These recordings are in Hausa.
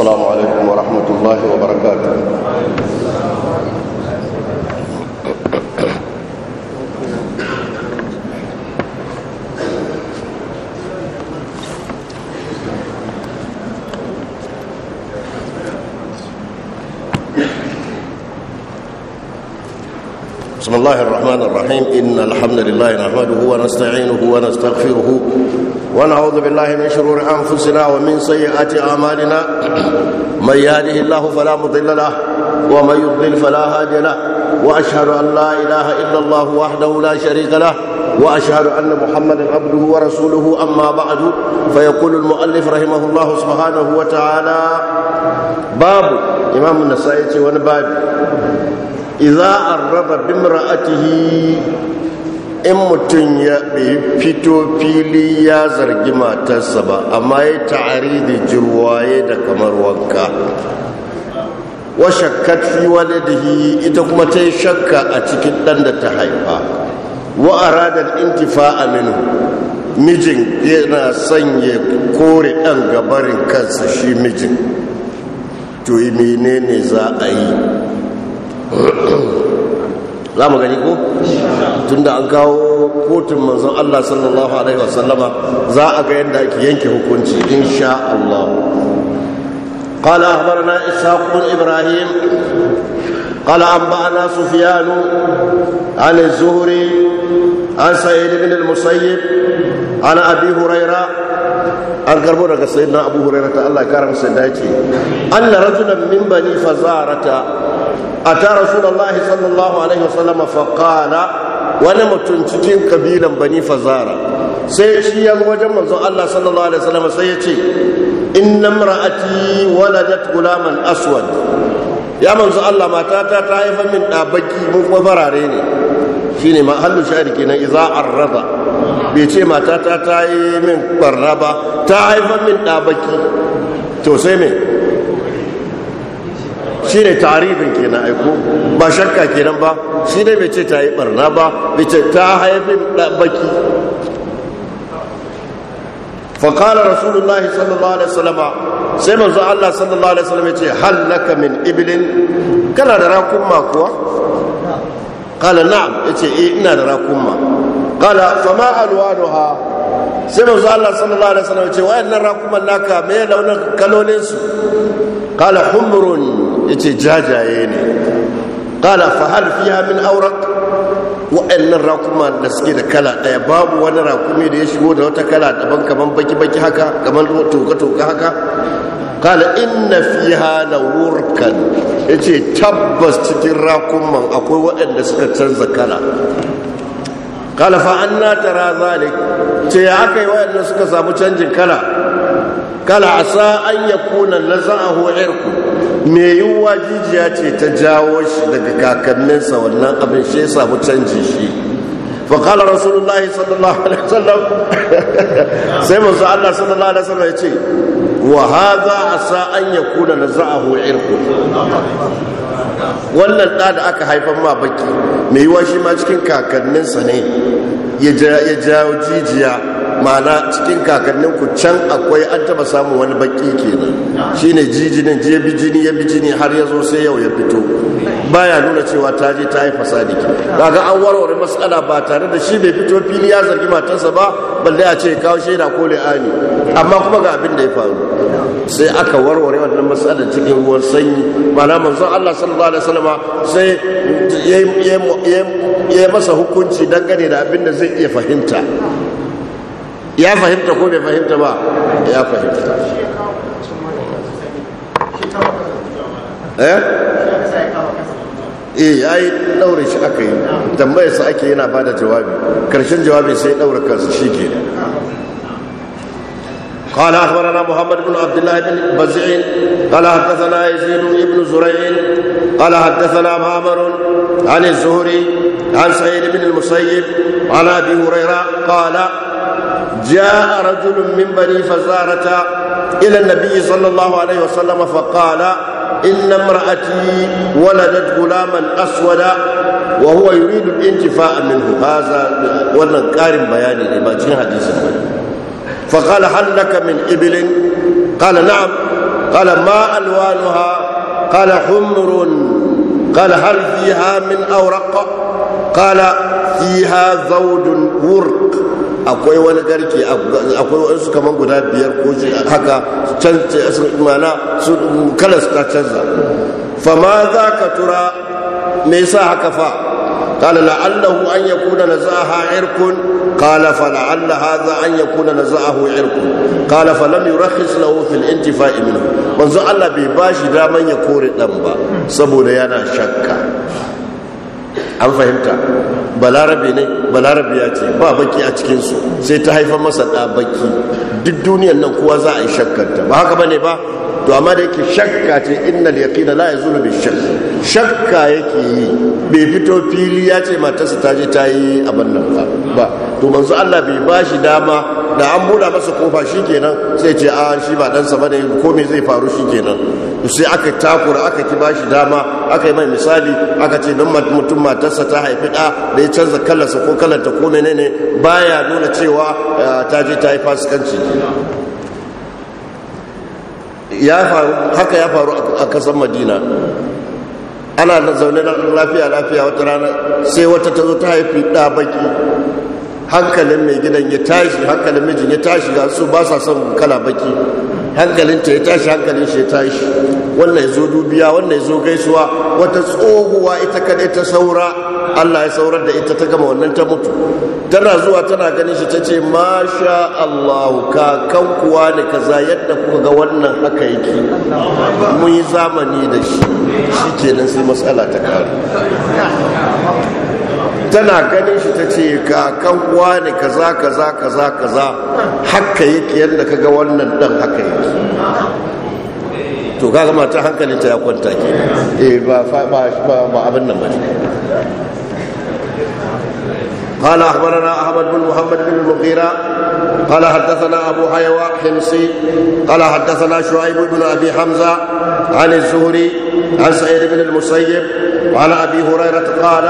السلام عليكم ورحمة الله وبركاته بسم الله الرحمن الرحيم إن الحمد لله نحمده ونستعينه ونستغفره ونعوذ بالله من شرور أنفسنا ومن سيئات أعمالنا من يهده الله فلا مضل له ومن يضلل فلا هادي له وأشهد أن لا إله إلا الله وحده لا شريك له وأشهد أن محمدا عبده ورسوله أما بعد فيقول المؤلف رحمه الله سبحانه وتعالى باب إمام النسائي ونباب إذا أرب بامرأته in mutum ya fito fili ya zargi matarsa ba amma ya ta'ari da jirwaye da kamar wanka wa shakkat fi waladihi ita kuma ta yi shakka a cikin ɗan da ta haifa wa aradar intifa aminu mijin yana sanya kore ɗan gabarin kansa shi mijin to menene za a yi za mu gani ko tunda an kawo kotun manzon Allah sallallahu alaihi wasallama za a ga yadda ake yanke hukunci insha Allah قال أخبرنا إسحاق بن إبراهيم قال أنبأنا سفيان عن الزهري عن سعيد بن المسيب عن أبي هريرة an karbo daga sayyidina abu hurairah ta Allah ya karama sai dace anna rajulan min bani fazarata أتى رسول الله صلى الله عليه وسلم wani mutum cikin kabilan bani fazara sai shi ya wajen manzon Allah sallallahu alaihi wasallam sai ya ce inna imra'ati waladat gulaman aswad ya manzon Allah matata ta haifa min da baki mun kuma farare ne shine mahallu shahid kenan idza arraba bai ce matata ta yi min barra ta haifa min da baki to sai me shi ne taribin kenan aiko ba shakka kenan ba shi ne bai ce ta yi barna ba bai ce ta haifin baki فقال رسول الله sallallahu alaihi عليه sai manzo Allah sallallahu alaihi salama ce, hal laka min iblin kana da rakunma kuwa kala na'am ya ce eh, ina da rakunma kala fama ha sai manzo Allah sallallahu alaihi wasallam yace wa'annan rakunman naka me launin kalolinsu su kala humrun yace jajaye ne qala fa hal fiha min awraq wa'annan rakuma da suke da kala daya babu wani rakumi da ya shigo da wata kala daban kaman baki baki haka kaman toka toka haka qala inna fiha lawurkan yace tabbas cikin rakuman akwai waɗanda suka canza kala qala fa anna tara zalik ce ya akai waɗanda suka samu canjin kala kala asa an yakuna lazahu irku me yiwuwa jijiya ce ta jawo shi daga kakanninsa wannan abin shi ya samu canji shi faƙalar rasulullahi sallallahu alaihi wasallam sai masu allah sallallahu alaihi wasallam ya ce wa haza a sa'an ya kuna na za'ahu irku wannan ɗa da aka haifan ma baki mai yiwuwa shi ma cikin kakanninsa ne ya jawo jijiya Mana cikin kakannin ku can akwai an taba samun wani baki kenan shine jijinin je bi jini ya bi jini har ya zo sai yau ya fito baya nuna cewa ta je ta haifa sadiki kaga an warware matsala ba tare da shi bai fito fili ya zargi matarsa ba balle a ce kawo shaida ko li'ani amma kuma ga abin da ya faru sai aka warware wannan matsalar cikin ruwan sanyi mana manzon Allah sallallahu alaihi wasallam sai ya masa hukunci dangane da abin da zai iya fahimta ya fahimta ko bai fahimta ba ya fahimta eh, eh ya yi ɗaure shi aka yi tambayarsa ake yana ba da jawabi Karshen jawabi sai ɗaure kansa shi ke قال أخبرنا محمد بن عبد الله بن بزعين قال حدثنا يزيد بن زريع قال حدثنا معمر عن الزهري عن سعيد بن المسيب عن أبي هريرة قال جاء رجل من بني فزارة إلى النبي صلى الله عليه وسلم فقال إن امرأتي ولدت غلاما أسودا وهو يريد الانتفاء منه هذا ولا كارم بياني لما جين حديث فقال هل لك من إبل قال نعم قال ما ألوانها قال حمر قال هل فيها من أورق قال فيها زوج ورق akwai wani garke akwai wasu kamar guda biyar ko haka can mana su kalas ta canza fama za ka tura me sa haka fa kala la'allahu an ya kuna na za ha irkun kala fa la'allaha za an ya kuna za a hu irkun kala fa lam yurakhis lahu fil intifa'i minhu manzo Allah bai bashi daman ya kore ɗan ba saboda yana shakka an fahimta balarabe ne balarabe ya ce ba baki a cikinsu sai ta haifar masa da baki duk duniyan nan kowa za a yi shakkarta ba haka bane ba to amma da yake shakka ce innal yaqina la yazulu bi shakk shakka yake yi bai fito fili ya ce matarsa ta je ta yi abin nan ba ba to manzo Allah bai ba shi dama da an buɗa masa kofa shikenan sai ce a shi ba ɗansa sa bane ko me zai faru shikenan sai aka takura aka ki bashi dama aka yi mai misali aka ce don mutum matarsa ta haifi da da ya canza kalarsa ko kalarta ko menene baya nuna cewa eh, ta je ta yi fasikanci ya faru haka ya faru a kasar madina ana da zaune lafiya lafiya wata rana sai wata ta zo ta haifi da baki hankalin mai gidan ya tashi hankalin mijin ya tashi ga su ba sa son kala baki hankalinta ya tashi hankalin shi ya tashi wannan ya zo dubiya wannan ya zo gaisuwa wata tsohuwa ita kadai ta saura allah ya saurar da ita ta gama wannan ta mutu tana zuwa tana ganin shi ta ce masha allah kakan kuwa ne kaza yadda kuka ga wannan haka yake mun yi zamani da shi shi kenan sai matsala ta karu tana ganin shi ta ce kakan wani kaza kaza kaza kaza haka yake yadda kaga wannan dan haka yake to kaga mata ta ya kwanta ke eh ba ba abin nan ba قال أخبرنا أحمد بن محمد بن المغيرة قال حدثنا أبو حيواء حمصي قال حدثنا شعيب بن أبي حمزة عن الزهري عن سعيد بن المسيب وعلى أبي هريرة قال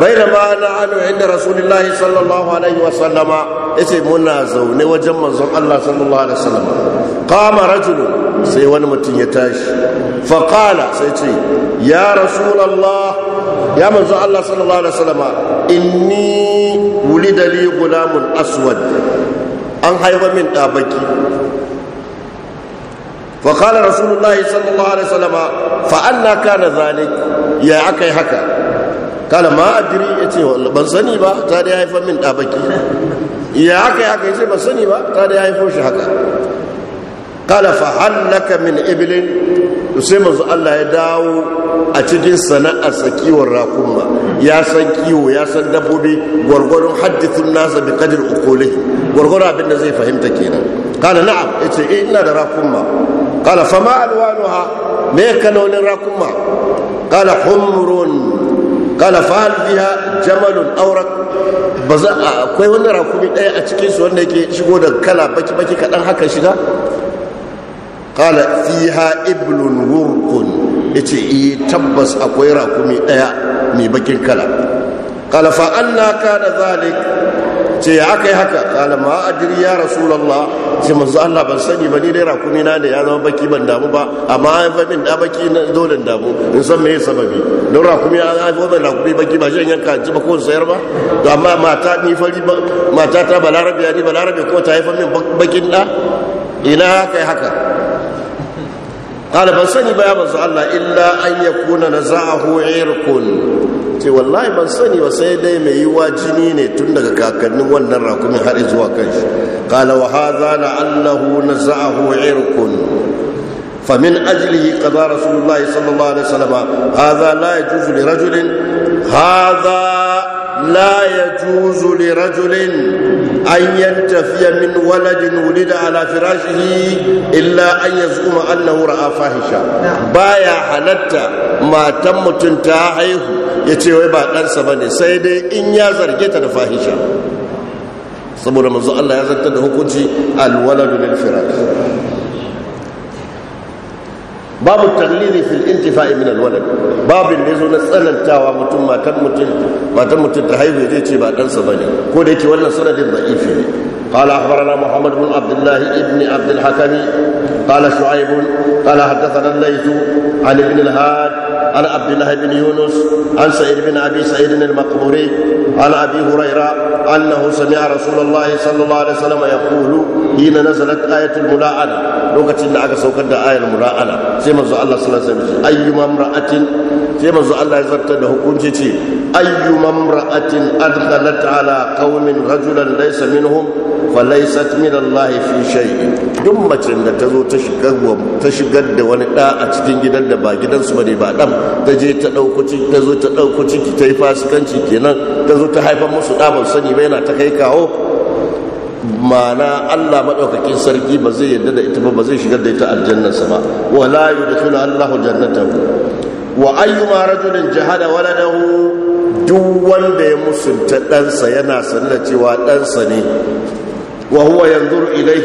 bainama na'anu inda rasulullahi sallallahu alaihi wasallama yace muna zaune wajen manzon Allah sallallahu alaihi wasallam qama rajulun sai wani mutum ya tashi fa qala sai ya rasulullah ya manzon Allah sallallahu alaihi wasallama inni wulida li gulamun aswad an haifa min dabaki fa qala rasulullahi sallallahu alaihi wasallama fa anna kana dhalik ya akai haka kala ma adiri ya ce ban sani ba ta da ya haifar min ɗabaki ya haka ya kai ce ban sani ba ta da ya haifo shi haka kala fa hallaka min ibilin to sai mazu Allah ya dawo a cikin sana'ar sa kiwon rakunma ya san kiwo ya san dabbobi gwargwaron haddithun nasa bi kadir ukuli gwargwaron abin da zai fahimta kenan kala na'am yace eh ina da rakunma kala fa ma alwanuha me kalolin rakunma kala humrun qala fa hal jamalun awrak ba za akwai wani rakumi ɗaya a cikin su wanda yake shigo da kala baki baki kaɗan haka shiga qala fiha iblun wurqun yace eh tabbas akwai rakumi ɗaya mai bakin kala qala fa zalik ce ya aka yi haka kala ma jiri ya rasulallah ce manzo Allah ban sani ba ni dai rakumi na da ya zama baki ban damu ba amma ya fi min da baki na dole damu in san me sababi don rakumi ya zama ban rakuni baki ba shi yanka ji ba ko sayar ba to amma mata ni fari ba mata ta balarabe ni balarabe ko ta haifa min bakin da ina kai haka kala ban sani ba ya manzo Allah illa an yakuna naza'ahu irkun ce wallahi ban sani ba sai dai mai yi wa jini ne tun daga kakannin wannan rakumin har zuwa kanshi kala wa ha za na allahu na za'ahu irkun famin ajiyi kaza rasulullahi sallallahu alaihi salama ha za la ya da rajulin ha لا يجوز لرجل أن ينتفي من ولد ولد على فراشه إلا أن يزعم أنه رأى فاحشة بايا حلتا ما تم تنتهيه يتوي بعد نفسه بني سيدي إن يزر جيت فاحشة saboda manzo Allah ya zartar da hukunci alwaladu lil firash babu tallili fil intifa'i min alwalad babin da yazo na tsanantawa mutum matan mutum matan mutum ta haihu zai ce ba ɗansa bane ko da yake wannan sanadin da'ifi ne قال اخبرنا محمد بن عبد الله بن عبد الحكم قال شعيب قال حدثنا الليث عن ابن الهاد عن عبد الله بن يونس عن سعيد بن ابي سعيد المقبوري عن ابي هريره انه سمع رسول الله صلى الله عليه وسلم يقول حين نزلت ايه الملاعنه da aka saukar da ayar mura'ana sai manzo Allah sallallahu alaihi wasallam sai manzo Allah ya zartar da hukunci ce ayyuma imra'atin adkhalat ala qaumin rajulan min hum. falaisat min Allah fi shay duk mace da ta zo ta shigar ta shigar da wani da a cikin gidan da ba gidan su bane ba dan ta je ta dauko ciki ta zo ta dauko ciki ta yi fasikanci kenan ta zo ta haifar musu da ban sani ba yana ta kai kawo mana Allah madaukakin sarki ba zai yarda da ita ba ba zai shigar da ita aljannarsa ba wala yudkhulu Allahu jannatahu wa ayyuma rajulin jahada waladahu duk wanda ya musunta ɗansa yana sanar cewa ɗansa ne وهو ينظر إليه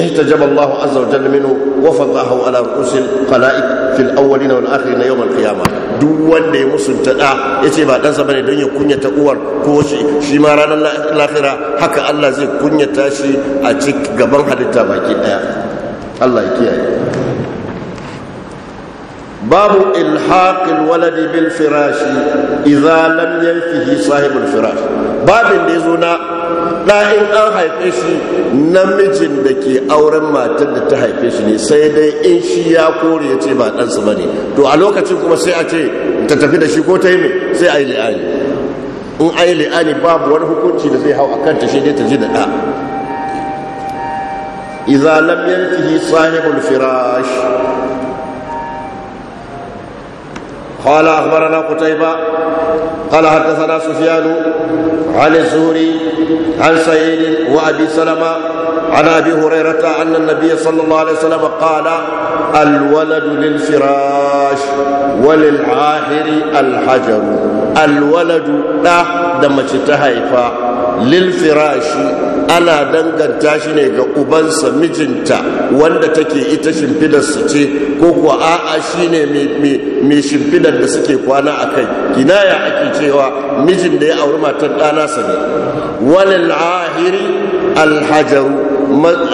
احتجب الله عز وجل منه وفضحه على رؤوس الخلائق في الأولين والآخرين يوم القيامة duk wanda ya musunta da ya ce ba ɗansa ne don ya kunyata uwar koshi shi ma ranar lafira haka Allah zai kunyata shi a cikin gaban halitta baki ɗaya Allah kiyaye باب الحاق الولد بالفراش اذا لم ينفه صاحب الفراش باب اللي زنا da in an haife shi namijin da ke auren matar da ta haife shi ne sai dai in shi ya kore ya ce ba ɗansa ba ne to a lokacin kuma sai a ce ta tafi da shi ko ta yi mai sai a yi li'ani in a yi li'ani babu wani hukunci da zai hau a kanta shi dai ta ji da ɗa iza lamiyar yankihi sahibul firash قال أخبرنا قتيبة قال حدثنا سفيان عن الزهري عن سعيد وأبي سلمة عن أبي هريرة أن النبي صلى الله عليه وسلم قال الولد للفراش وللعاهر الحجر الولد لا دم تهيفا lilfirashi ana danganta shi ne ga ubansa mijinta wanda take ita shimfidar su ce ko kuwa a'a shi ne mai shimfidar da suke kwana a kai kinaya ake cewa mijin da ya auri matar ɗana sa ne walil ahiri alhajaru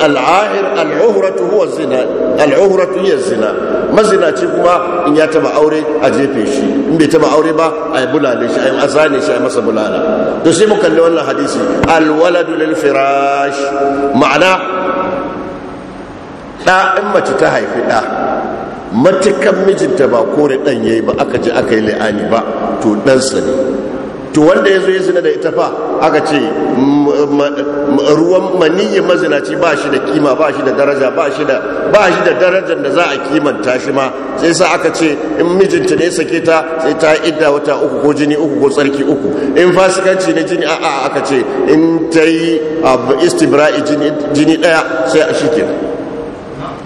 al'ahir al'uhratu huwa zina zina mazinaci kuma in ya taba aure a jefe shi in bai taba aure ba a bulale shi a zane shi a masa bulala to sai mu kalli wannan hadisi alwaladu lil firash ma'ana da in mace ta haifi da matukan mijinta ba kore dan yayi ba aka ji aka yi la'ani ba to dan ne to wanda ya zo ya zina da ita fa aka ce ruwan maniyyar mazinaci ba shi da kima ba shi da daraja ba shi da ba shi da darajar da za a kimanta shi ma sai sa aka ce in mijinta ne sake ta sai ta idda wata uku ko jini uku ko tsarki uku in fasikanci ne jini a'a aka ce in ta yi ah, istibra'i jini daya sai a shike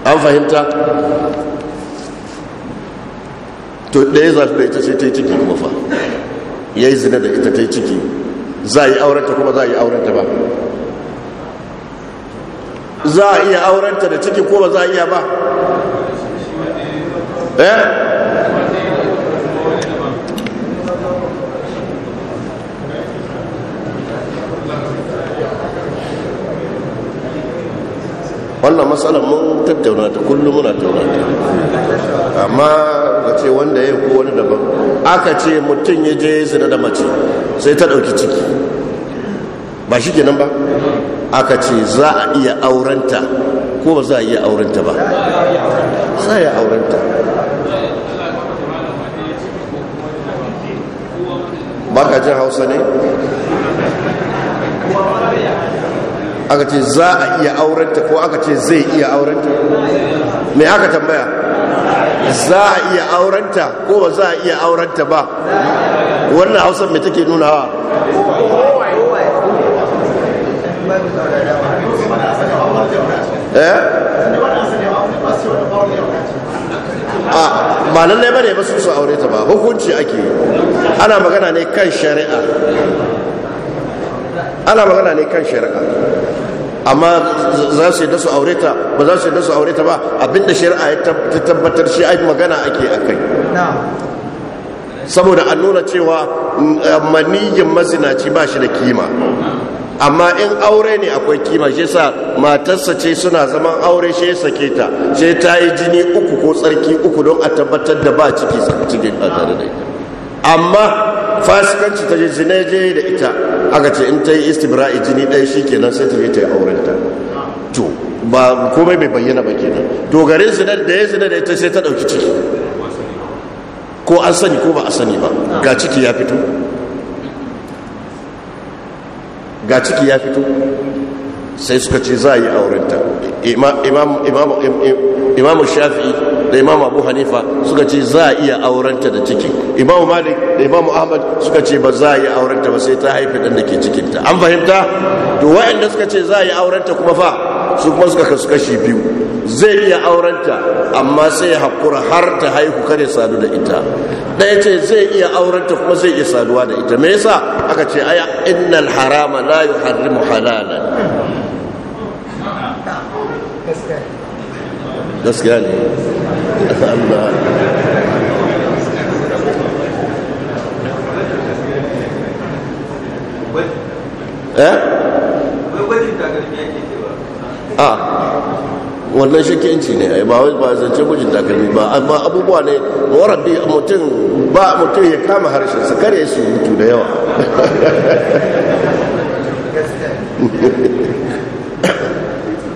an fahimta to ɗaya zafi da ita sai ta yi ciki kuma fa ya yi zina da ita ta yi ciki za a yi aurenta kuma za a yi aurenta ba za a iya aurenta da ciki ko ba za a iya ba eh wannan matsalar mun tattauna ta kullum muna tattauna ta amma ga ce wanda ya ko wani daban aka ce mutum ya je zina da mace sai ta ɗauki ciki ba shi kenan ba aka ce za a iya aurenta ko ba za a iya aurenta ba za a iya aurenta baka jin hausa ne aka ce za a iya aurenta ko aka ce zai iya aurenta mai aka tambaya za a iya aurenta ko ba za a iya aurenta ba wannan hausar mai take nuna wa eh? ba lallai ba ne ba su su aure ta ba hukunci ake ana magana ne kan shari'a ana magana ne kan shari'a amma za su yadda su aure ta ba za su yadda su aure ta ba abinda shari'a ya tabbatar shi ai magana ake akai saboda an nuna cewa mm, eh, maniyin mazinaci ba shi da kima amma in aure ne akwai kima shi sa matarsa ce suna zaman aure shi ya sake ta sai ta yi jini uku ko tsarki uku don a tabbatar da ba ciki cikin a tare da ita amma fasikanci ta je je da ita aka ce in ta yi istibra'i jini ɗaya shi kenan sai ta je ta yi aurenta to ba komai bai bayyana ba kenan to garin zinar da ya zinar da ita sai ta ɗauki ciki ko an sani ko ba a sani ba ga ciki ya fito ga ciki ya fito sai suka ce za a yi aurenta imamu shafi da imamu abu hanifa suka ce za a iya aurenta da ciki imamu malik da imamu ahmad suka ce ba za a yi aurenta ba sai ta haifi ɗan da ke cikinta an fahimta to wa'anda suka ce za a yi aurenta kuma fa su kuma suka kasu kashi biyu zai iya aurenta amma sai ya haƙura har ta haihu kare sadu da ita ɗaya ce zai iya aurenta kuma zai iya saduwa da ita me yasa aka ce aya innal harama la yuharrimu halalan gaskiya ne Allah eh a wannan shakiyanci ne ba wai ba zance gujin takalmi ba amma abubuwa ne warabi mutum ba mutum ya kama harshen su kare su mutu da yawa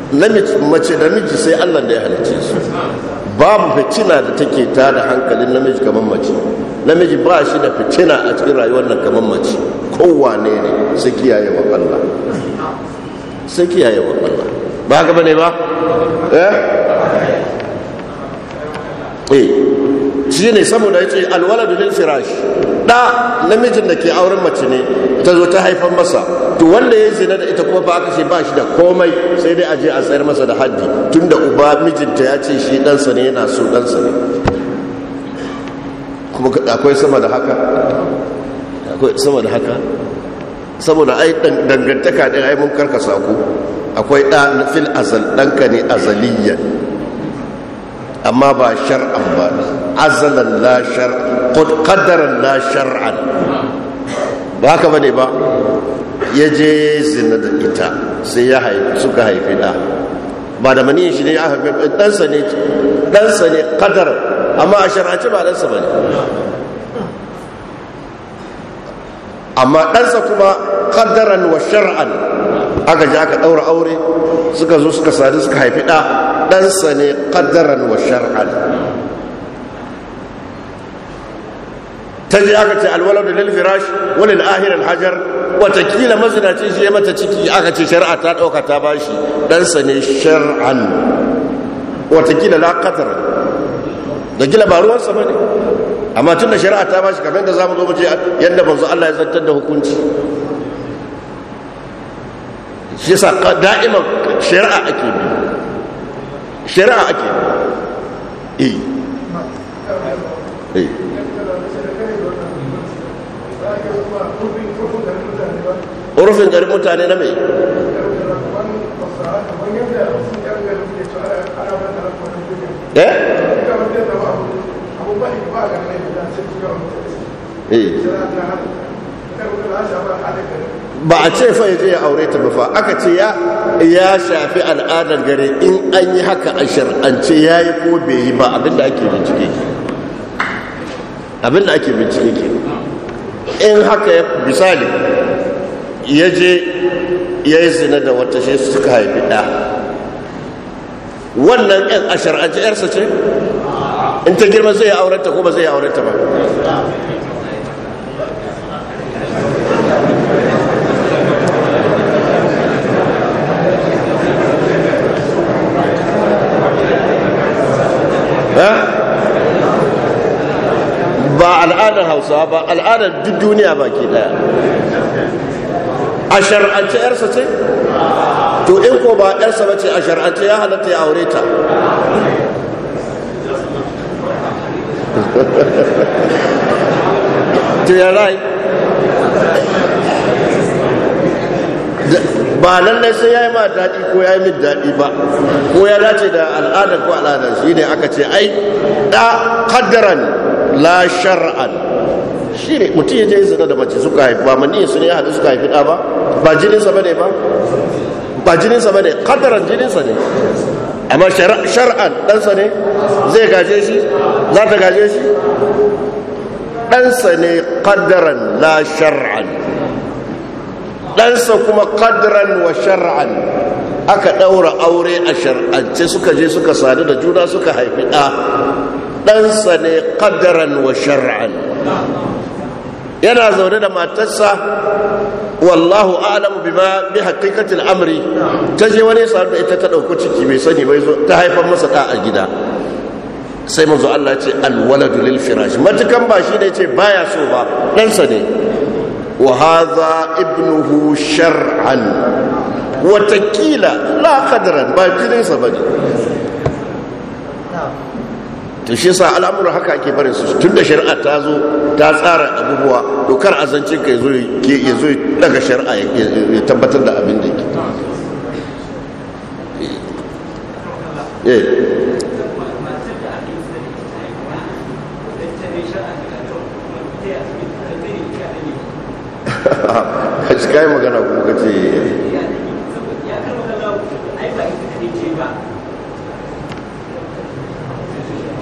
namiji mace namiji sai allah da ya halice su babu fitina da take ta da hankalin namiji kamar mace namiji ba shi da fitina a cikin rayuwar nan kamar mace kowane ne sai kiyaye wa allah sai kiyaye wa allah ba haka bane ba eh eh shi ne saboda ya ce alwaladu lil firash da namijin da ke auren mace ne ta zo ta haifar masa to wanda ya zina da ita kuma ba aka ce ba shi da komai sai dai a je a tsayar masa da haddi tun da uba mijinta ya ce shi ɗansa ne yana so ɗansa ne kuma akwai sama da haka akwai sama da haka saboda ai dangantaka ɗin ai mun karkasa ku akwai ɗan na fil azal ɗanka ne azaliyan amma ba shar'an ba azalan la shar'an qadaran la shar'an ba haka bane ba ya je zina da ita sai ya suka haifi ɗa ba da maniyin shi ne ya haifi ɗansa ne ɗansa ne kadar amma a shar'ance ba ɗansa ba ne amma ɗansa kuma kadaran wa shar'an aka ji aka ɗaura aure suka zo suka sadu suka haifi ɗa ɗansa ne ƙaddaran wa shar'an ta ji aka ce alwalar da lil firash wani ahirar hajar watakila mazinaci shi ya mata ciki aka ce shari'a ta ɗauka ta bashi ɗansa ne shar'an watakila na ƙadar da gila ba ruwansa ba ne amma tun da shari'a ta bashi kamar da za mu zo mu je yadda manzo Allah ya zartar da hukunci shi yasa da'iman shari'a ake bi shari'a ake bi eh eh garin mutane na mai eh eh ba a ce fa yaje ya aure ta ba fa aka ce ya ya shafi al'adar gare in an yi haka a shar'ance ya yi ko bai yi ba abinda ake bincike ke abinda ake bincike ke in haka ya misali ya je ya yi zina da wata shi suka haifi ɗa wannan yan a shar'ance yarsa ce in ta girma zai aurenta ko ba zai aurenta ba al'adar hausawa ba al'adar duk duniya baki daya a shar'ance yarsa ce to in ko ba yarsa ba ce a shar'ance ya halatta ya aure ta to ya rai ba lallai sai ya yi ma daɗi ko ya yi min daɗi ba ko ya dace da al'adar ko al'adar shi ne aka ce ai ɗa kaddara ne la shar'an shi ne mutum ya je zina da mace suka haifi ba mani su ne hadu suka haifi ba ba jininsa ba ne ba ba jininsa ba ne kadaran jininsa ne amma shar'an ɗansa ne zai gaje shi za ta gaje shi ɗansa ne kadaran la shar'an ɗansa kuma kadaran wa shar'an aka ɗaura aure a shar'ance suka je suka sadu da juna suka haifi ɗa ɗansa ne ƙadaran wa shar'an yana zaune da matarsa wallahu a'lamu bima bi haqiqatil amri taje wani sabu da ita ta dauko ciki bai sani bai zo ta haifar masa da a gida sai manzo Allah ya ce alwaladu lil firash matukan ba shi ne yace baya so ba dan sa ne wa hadha ibnuhu shar'an watakila la qadran ba jinin sa bane to shi yasa al'amuran haka ake barin su tun da shari'a ta zo ta tsara abubuwa dokar azancin ka yazo ya zo daga shari'a ya tabbatar da abin da yake eh, eh. a cikin magana kuma kace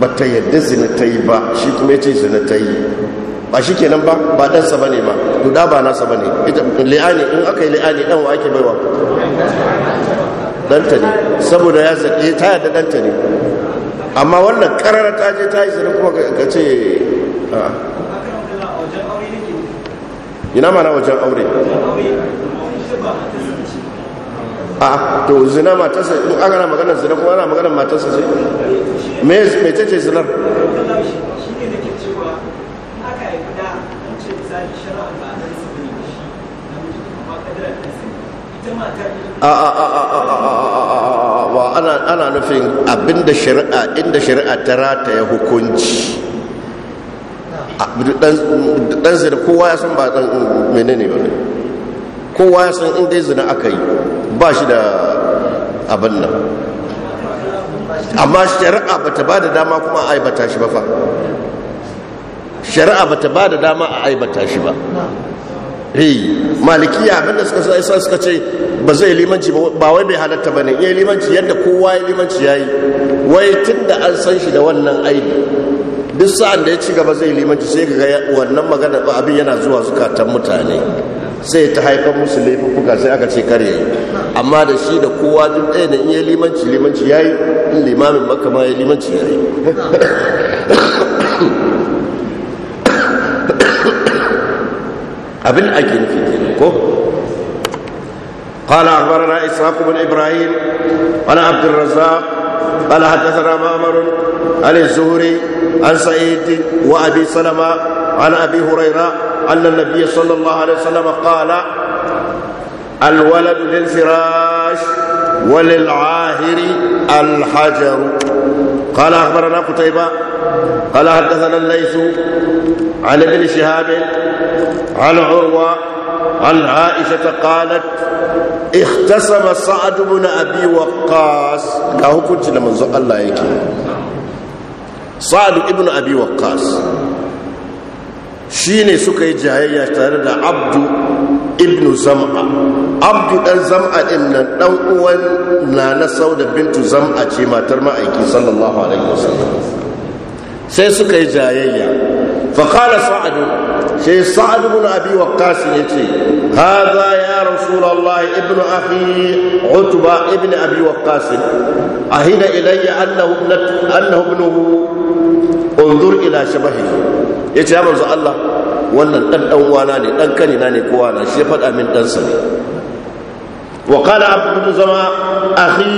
ba ta yadda zina ta yi ba shi kuma ya ce zina ta yi ba shi kenan ba ba ɗansa ba ne ba guda ba nasa ba ne li'ani in aka yi li'ani ɗan wa ake baiwa ɗanta ne saboda ya zaɗe ta yadda ɗanta ne amma wannan ƙararra ta je ta yi zina kuma ka ce ina mana wajen aure a to zina matarsa in na maganar zina kuma ana maganar matarsa ce me ce ce zinar ana nufin abinda shari'a inda shari'a ta rataya hukunci dan zina kowa ya san ba dan menene ba kowa ya san inda zina aka yi ba shi da abin nan amma shari'a ba ta ba da dama kuma a aibata shi ba fa shari'a ba ta ba da dama a aibata shi ba Maliki malikiya abinda suka sai sai suka ce ba zai limanci ba wai bai halatta bane yayi limanci yadda kowa ya limanci yayi wai tunda an san shi da wannan aibi duk sa'an da ya ci gaba zai limanci sai ga wannan magana abin yana zuwa zukatan mutane sai ta haifar musu laifuka sai aka ce kare amma da shi da kowa duk ɗaya na iya limanci limanci ya yi in limamin makka ma ya limanci ya yi abin ake nufi kenan ko قال أخبرنا اسحاق بن إبراهيم قال عبد الرزاق قال حدثنا مأمر عن الزهري عن سعيد وأبي سلمه عن أبي هريرة أن النبي صلى الله عليه وسلم قال الولد للفراش وللعاهر الحجر قال أخبرنا قتيبة قال حدثنا الليث عن ابن شهاب عن عروة عن عائشة قالت اختصم سعد بن أبي وقاص كهو كنت لمن الله يكي سعد بن أبي وقاص shine suka yi jayayya tare da abdu ibn zam'a abdu dan zam'a din nan dan uwan nana sauda bintu zam'a ce matar ma'aiki sallallahu alaihi wasallam sai suka yi jayayya fa qala sa'd sai sa'd ibn abi waqqas yace hadha ya rasulullah ibn akhi utba ibn abi waqqas ahida ilayya annahu ibnatu annahu ibnuhu unzur ila shabahi ya ce ya manzo Allah wannan dan dan uwana ne dan kanina na ne kowa na shi ya faɗa min dan sa ne wa qala abdu bin zama akhi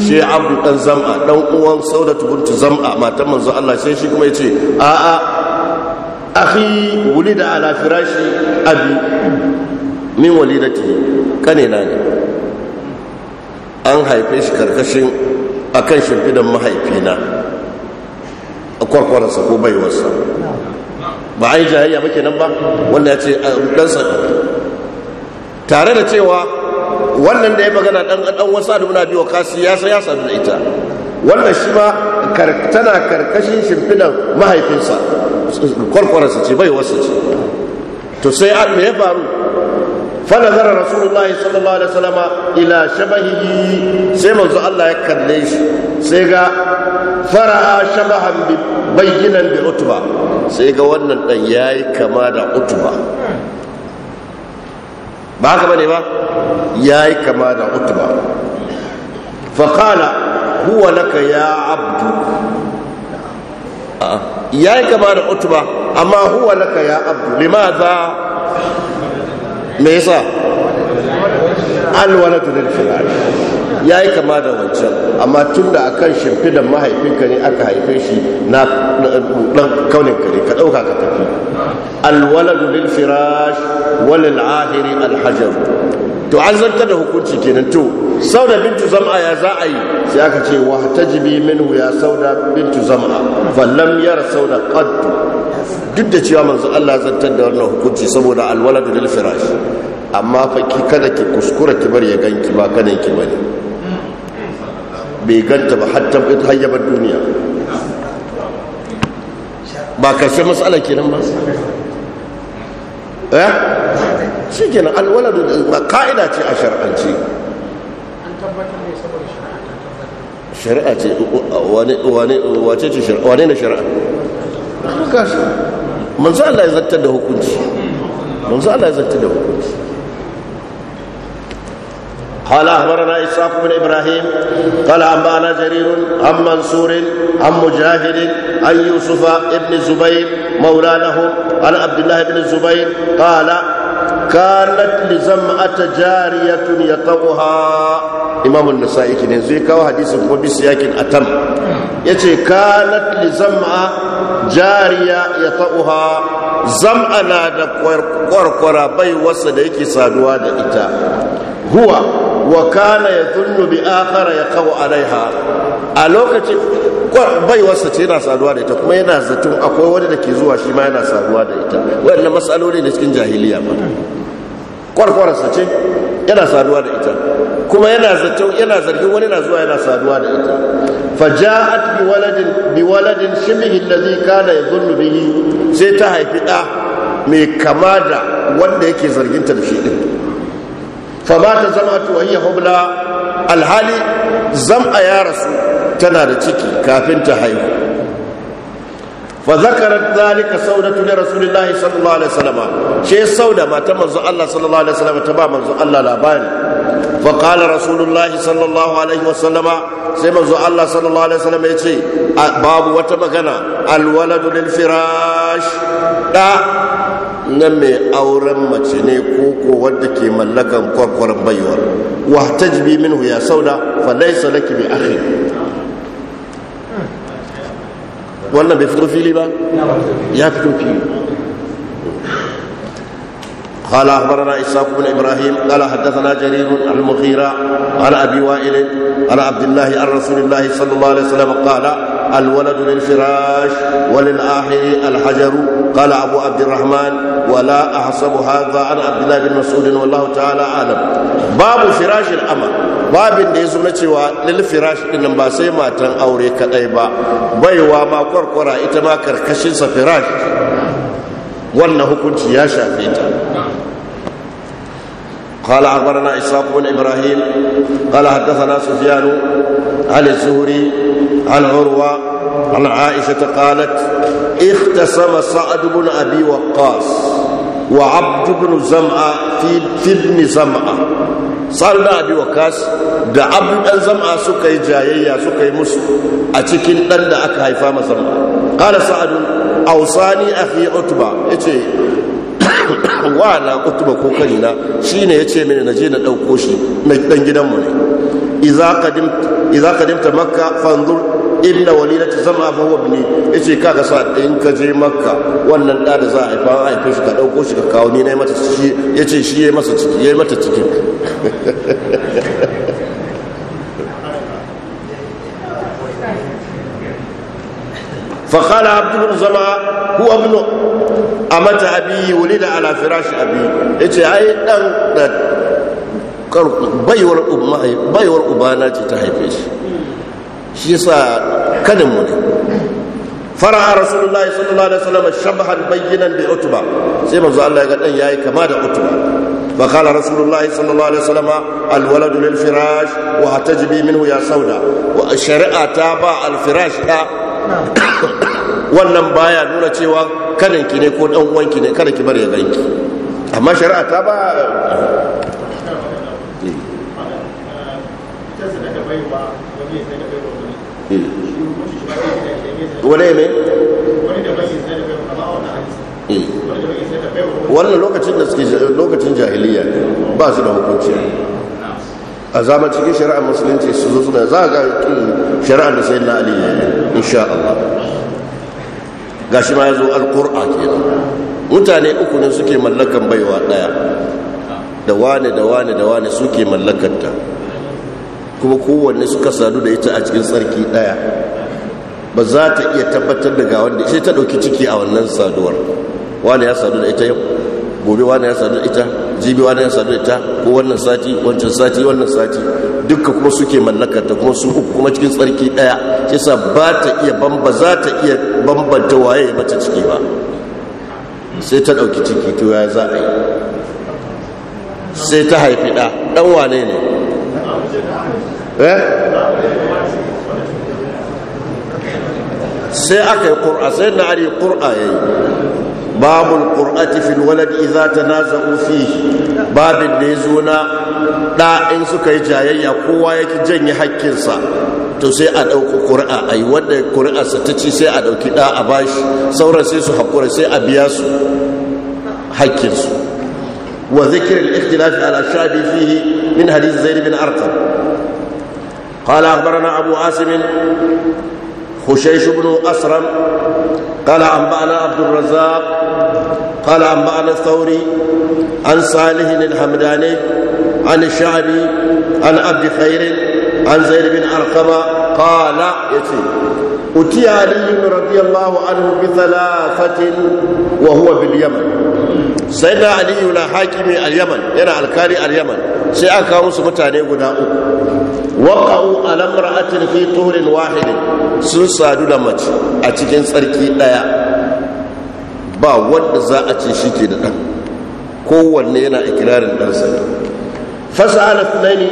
shi abu dan zama dan uwan saudatu bint zama matan manzo Allah sai shi kuma ya ce a a akhi wulida ala firashi abi min walidati kane na ne an haife shi karkashin akan shimfidan mahaifina kwarkwararsa ko baiwarsa ba a yi jayayya ba nan ba wanda ya ce a ɗansa tare da cewa wannan da ya magana ɗan ɗan wasu da muna biyo kasi ya sa ya sadu da ita wannan shi ma tana karkashin shimfinan mahaifinsa kwarkwararsa ce baiwarsa ce to sai an me ya faru فنظر رسول الله صلى الله Ila shabahihi sai manzo Allah ya kalle shi sai ga fara'a shabahan bayyinan bi utuba sai ga wannan dan yayi kama da utuba ba ka bane ba yayi kama da utuba fa qala huwa laka ya abdu yayi kama da utuba amma huwa laka ya abdu limadha me yasa alwaladu lil firari ya yi kama da wancan amma tun da akan shimfidan mahaifinka ne aka haife shi na ɗan kaunin kare ka ɗauka ka tafi alwaladu lil firash walil ahiri alhajar to an da hukunci kenan to sauda bintu zam'a ya za a yi sai aka ce wa tajibi minhu ya sauda bintu zam'a fallam yar sauda kaddu? duk da cewa manzo Allah zartar da wannan hukunci saboda Alwala lil firash amma fa ki kada ki kuskura ki bar ya ganki ba kada ki bane bai ganta ba hatta hayyabar duniya ba karshen matsala kenan ba eh shi kenan alwaladu ba ka'ida ce a shar'ance shari'a ce wace ce shari'a wane na shari'a manzo Allah ya zartar da hukunci manzo Allah ya zartar da hukunci قال اخبرنا اسحاق بن ابراهيم قال انبانا جرير عن منصور عن مجاهد عن يوسف بن الزبير مولى له عن عبد الله بن الزبير قال كانت لزمأة جارية يطوها إمام النسائي كن يزوي كاو حديث قدسي سياق أتم يتي كانت لزمأة جارية يطوها zam'ana da kwarkwara bai wasa da yake saduwa da ita huwa wa kana ya zunnu bi akhara ya kawo alaiha a lokacin wasu ce yana saduwa da ita kuma yana zaton akwai wani da ke zuwa shi ma yana saduwa da ita wadanda matsaloli ne cikin jahiliya ba kwarkwararsa ce yana saduwa da ita kuma yana zaton yana zargin wani na zuwa yana saduwa da ita faja'at bi waladin bi waladin shibihi ya kana yadhunnu bihi sai ta haifi da mai kama da wanda yake zarginta da shi din famata ta wa hiya hubla alhali zam'a ya rasu tana da ciki kafin ta haihu fa zakarat zalika saudatu tuni, rasulillahi sallallahu alaihi wasallam she sauda mata manzo Allah sallallahu alaihi wasallam ta ba manzo Allah labari fa qala rasulullahi sallallahu alaihi wasallama sai manzo Allah sallallahu alaihi wasallam ya ce babu wata magana alwaladu lil firash da na mai auren mace ne ko ko wadda ke mallakan kwarkwaran baiwar wa tajbi minhu ya sauda fa laysa bi akhi wannan bai fito fili ba ya fito fili قال اخبرنا اسحاق بن ابراهيم قال حدثنا جرير المغيره ابي وائل عبد الله عن رسول الله صلى الله عليه وسلم قال الولد للفراش وللآخر الحجر قال أبو عبد الرحمن ولا أحسب هذا عن عبد الله بن مسعود والله تعالى أعلم باب فراش الأمر babin da ya zo na cewa lilfirash ɗin ba sai matan aure kaɗai ba baiwa ma kwarkwara ita ma karkashinsa firash wannan hukunci ya shafe ta قال اخبرنا Ibrahim, بن ابراهيم قال حدثنا سفيان عن الزهري عن عروه عن عائشه قالت اختصم سعد بن ابي وقاص وعبد بن زمعه في ابن زمعه sa'ad da abi wakas da abin zama suka yi jayayya suka yi musu a cikin ɗan da aka haifa masa qala sa'ad awsani utba yace wa na utuba ko kanina shine yace mini na je na dauko shi na dan gidanmu ne idza qadim idza qadimta makka fanzur inna walidati zama fa huwa ibni yace kaga sa in ka je makka wannan da da za a haifa a haife shi ka dauko shi ka kawo ni nayi mata ciki yace shi yayi masa ciki yayi mata ciki فقال عبد بن zama هو ابن a mata abi wuli da alafirashi firashi abi ya ce ai dan da baiwar ubana ce ta haife shi shi yasa kanin mu ne fara'a rasulullahi sallallahu alaihi wasallam shabahan bayyinan bi utba sai manzo Allah ya ga dan yayi kama da utba فقال رسول الله صلى الله عليه وسلم الولد للفراش وهتجبي منه يا سودا وشرعة تابع الفراش wannan baya nuna cewa kananki ki ne ko dan uwan ki ne kada ki bar ya ganki amma shari'a ta ba eh. eh. wani ne eh. wannan lokacin da suke lokacin jahiliya ba su da hukunci a zaman cikin shari'a musulunci su zo suna za a ga shari'a da sai na aliyu insha Allah gashi ma ya zo alkur'a kenan mutane uku ne suke mallakan baiwa daya da wane da wane da wane suke mallakanta kuma kowanne suka sadu da ita a cikin tsarki daya ba za ta iya tabbatar da ga wanda sai ta ɗauki ciki a wannan saduwar wane ya sadu da ita yau gobe wane ya sadu da ita jibi wane ya sadu da ita ko wannan sati wancan sati wannan sati dukka kuma suke mallakar ta kuma su uku kuma cikin tsarki daya sa ba ta iya bamba za ta iya bambanta waye mata ciki ba sai ta dauki ciki to ya za a yi sai ta haifi da dan wane ne eh sai aka yi ƙura sai na ari ƙura ya yi باب القرأة في الولد إذا تنازعوا فيه باب النزونا دا إن سكي جايا قوة يكجن حكينسا to sai a ɗauki ƙuri'a a yi wanda ƙuri'arsa ta ci sai a ɗauki ɗa a bashi sauran sai su haƙura sai a biya su haƙƙinsu. wa zikirin ikhtilafi ala shabi fihi min hadith zaid bin arqam qala akhbarana abu asim خشيش بن أسرم قال أنبأنا عبد الرزاق قال أنبأنا الثوري عن صالح الحمداني عن الشعبي عن عبد خير عن زيد بن أرقم قال يتي أتي علي رضي الله عنه بثلاثة وهو باليمن سيدنا علي حاكم اليمن هنا الكاري اليمن sai aka kawo su mutane guda uku waqa'u ala mar'atin fi tuhrin wahid sun sadu da mace a cikin tsarki daya ba wanda za a ce shi ke da dan kowanne yana ikirarin fa sa'ala fulani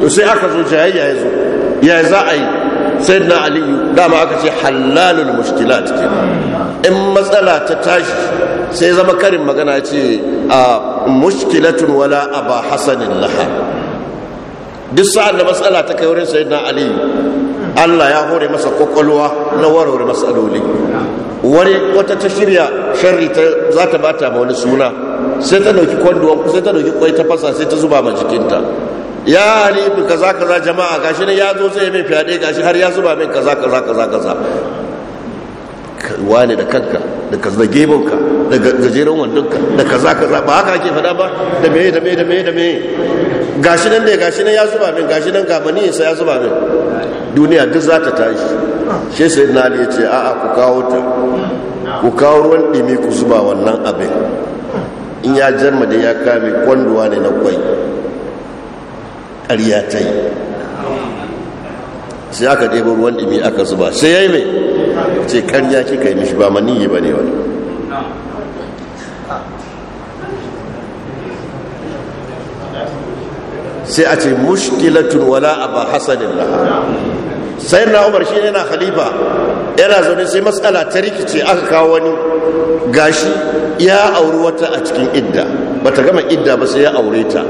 to sai aka zo jayayya ya ya za a yi sai na aliyu dama aka ce halalul mushkilat kenan in matsala ta tashi sai zama karin magana ce a mushkilatun wala aba hasanin laha duk sa'an da matsala ta kai wurin sayyidina ali Allah ya hore masa kwakwalwa na warware matsaloli wani wata ta shirya sharri ta za ta bata ma wani suna sai ta dauki kwanduwan sai ta dauki kwai ta fasa sai ta zuba ma jikinta ya ali kaza kaza jama'a gashi ne ya zo sai mai fyaɗe gashi har ya zuba min kaza kaza kaza kaza wani da kanka da kaza da gemunka Daga gajeren wandonka da kaza kaza ba haka ake faɗa ba da meye da meye da meye da meye gashi nan ne gashi nan ya zuba min gashi nan ga bani sa ya zuba min duniya duk za ta tashi shi sai na ne ce a'a ku kawo ta ku kawo ruwan dimi ku zuba wannan abin in ya jarma da ya kame kwanduwa ne na kwai ƙarya ta yi sai aka ɗebo ruwan ɗimi aka zuba sai ya yi mai ce ƙarya kika yi mishi ba maniyi ba ne wani sai a ce mushkilatun wala aba hasadin laha sai na umar shi yana khalifa yana zaune sai matsala ta rikice aka kawo wani gashi ya auri wata a cikin idda bata gama idda ba sai ya aure ta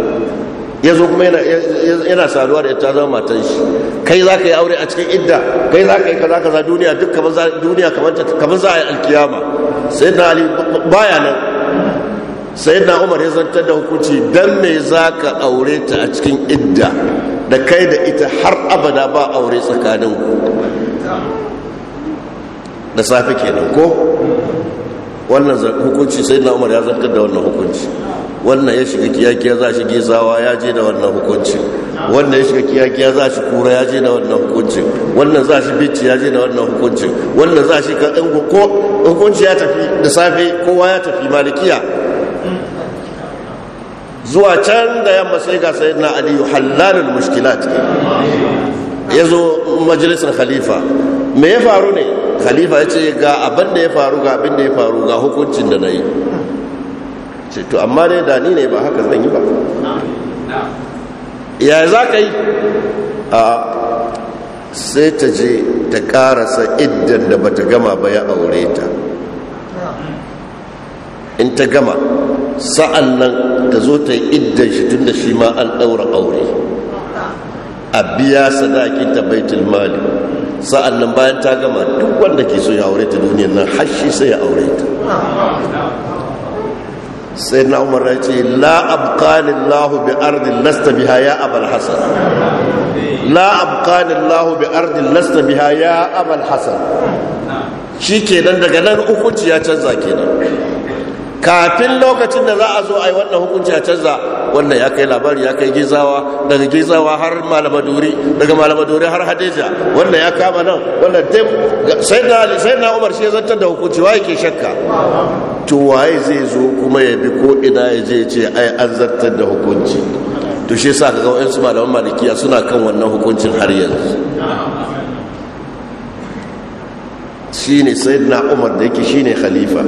ya zo kuma yana saduwa da ta zama matan shi kai za ka yi aure a cikin idda kai za ka yi kaza kaza duniya duk kamar za a yi alkiyama sai na ali baya nan Sai na umar ya zartar da hukunci don me za ka aure ta a cikin idda da kai da ita har abada ba aure tsakanin ku da safe kenan ko wannan hukunci sai na umar ya zartar da wannan hukunci wannan ya shiga kiyakiya za shi gizawa ya je da wannan hukuncin wannan ya shiga kiyakiya za shi kura ya je da wannan hukuncin wannan za shi bicci ya je da wannan hukuncin wannan za shi kan ko hukunci ya tafi da safe kowa ya tafi malikiya zuwa can da yamma sai ga na aliyu hallalul mushkilat ya zo majalisar khalifa me ya faru ne khalifa ya ce ga abin da ya faru ga abin da ya faru ga hukuncin da na yi ce amma dai da ni ne ba haka zan yi ba ya za ka yi a sai ta je ta karasa idan da bata gama ba ya aure ta in ta gama sa'an nan ta zo ta yi iddan shi tun da shi ma an ɗaura aure a biya sadakin ta baitul mali sa'an nan bayan ta gama duk wanda ke so ya aure ta duniya nan hashi sai ya aure ta sai na umar ce la abqani bi ardin lasta biha ya abal hasan la abqani allah bi ardin lasta biha ya abal hasan nan daga nan uku ya canza ke nan. kafin lokacin da za a zo a yi wannan hukunci a canza wannan ya kai labari ya kai gizawa daga gizawa har malamaduri daga malamaduri har hadeja wannan ya kama nan wannan dem sai na umar shi zantar da hukunci wa ke shakka to waye zai zo kuma ya bi ko ina ya je ce ai an zartar da hukunci to shi sa ka ga 'yansu malaman malikiya suna kan wannan hukuncin har yanzu Sai sayyidina umar da yake ne khalifa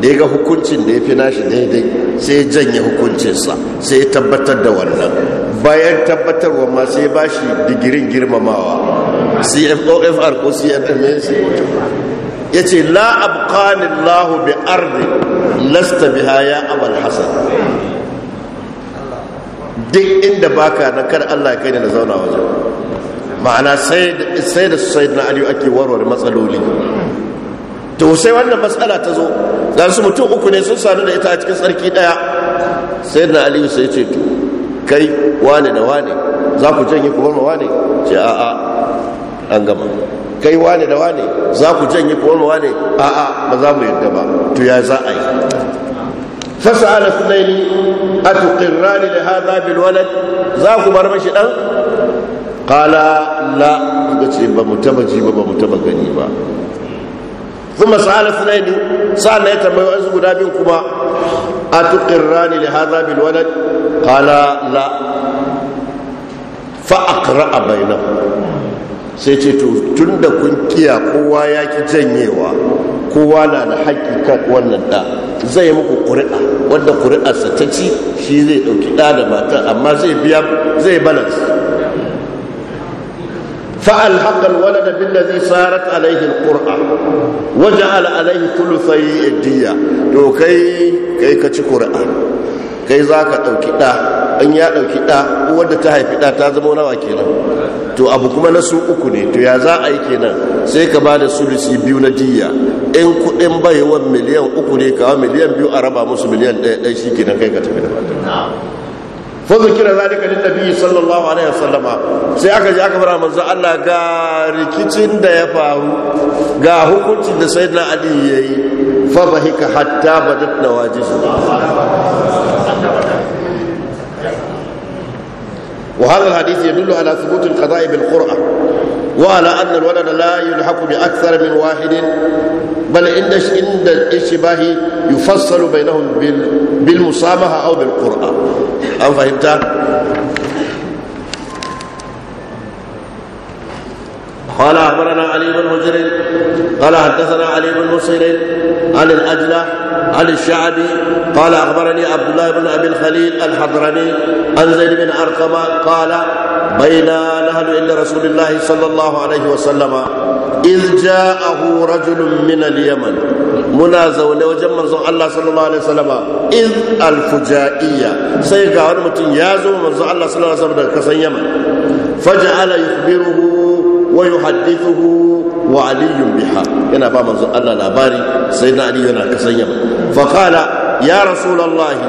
da ya ga hukuncin da ya fi nashi daidai sai ya janye hukuncinsa sai ya tabbatar da wannan bayan tabbatarwa ma sai ba shi digirin girmamawa cfofr ko cfms ya ce la lahu bi ardi lasta biha ya abal hasan duk inda baka na kar Allah ya kai da zauna wajen ma'ana sai da sai da ake warware matsaloli to sai wannan matsala ta zo dan su mutum uku ne sun sadu da ita a cikin sarki daya sai na aliyu sai ce to kai wane da wane za ku janye ku barma wane ce a'a an gama kai wane da wane za ku janye ku barma wane a'a ba za mu yadda ba to ya za a yi Fasa a da فسأل za ku bar mashi ذاك kala la ga ce ba mu taba ji ba ba mu taba gani ba kuma tsala suna yi sa'an na ya tambayi wa guda bin kuma a tukin rani da haza bin wadat kala la fa'akara a bayan sai ce tun da kun kiya kowa ya ki janyewa kowa na da hakika wannan da zai muku kuri'a wadda kuri'arsa ta ci shi zai ɗauki da da mata amma zai balance فألحق الولد بالذي صارت عليه القرآن وجعل عليه ثلثي الدية to kai kai ka ci Qur'an kai zaka dauki da an ya dauki da wanda ta haifi da ta zama nawa kenan to abu kuma na su uku ne to ya za a yi kenan sai ka ba da sulusi biyu na diya in kuɗin baiwan miliyan uku ne kawo miliyan biyu a raba musu miliyan ɗaya ɗaya shi kenan kai ka tafi da fa zikira zalika lin nabi sallallahu alaihi wasallam sai aka je aka fara manzo Allah ga rikicin da ya faru ga hukuncin da sayyidina ali yayi fa bahika hatta badat nawajizu وهذا الحديث يدل ala ثبوت القضاء بالقرآن وعلى أن الولد لا يلحق بأكثر من واحد بل إن عند الاشتباه يفصل بينهم بالمسامحة أو بالقرآن أو فهمت قال اخبرنا علي بن هجر قال حدثنا علي بن مسهر عن الاجلح عن الشعبي قال اخبرني عبد الله بن ابي الخليل الحضرمي عن زيد بن ارقم قال بينا نحن عند رسول الله صلى الله عليه وسلم إذ جاءه رجل من اليمن منازع وجم منزو الله صلى الله عليه وسلم إذ الفجائية سيقع ونمتن يازو منزو الله صلى الله عليه وسلم كسن يمن فجعل يخبره wa yuhaddithuhu wa aliyun biha yana ba manzo Allah labari sai na ali yana kasan yamma fa qala ya rasulullahi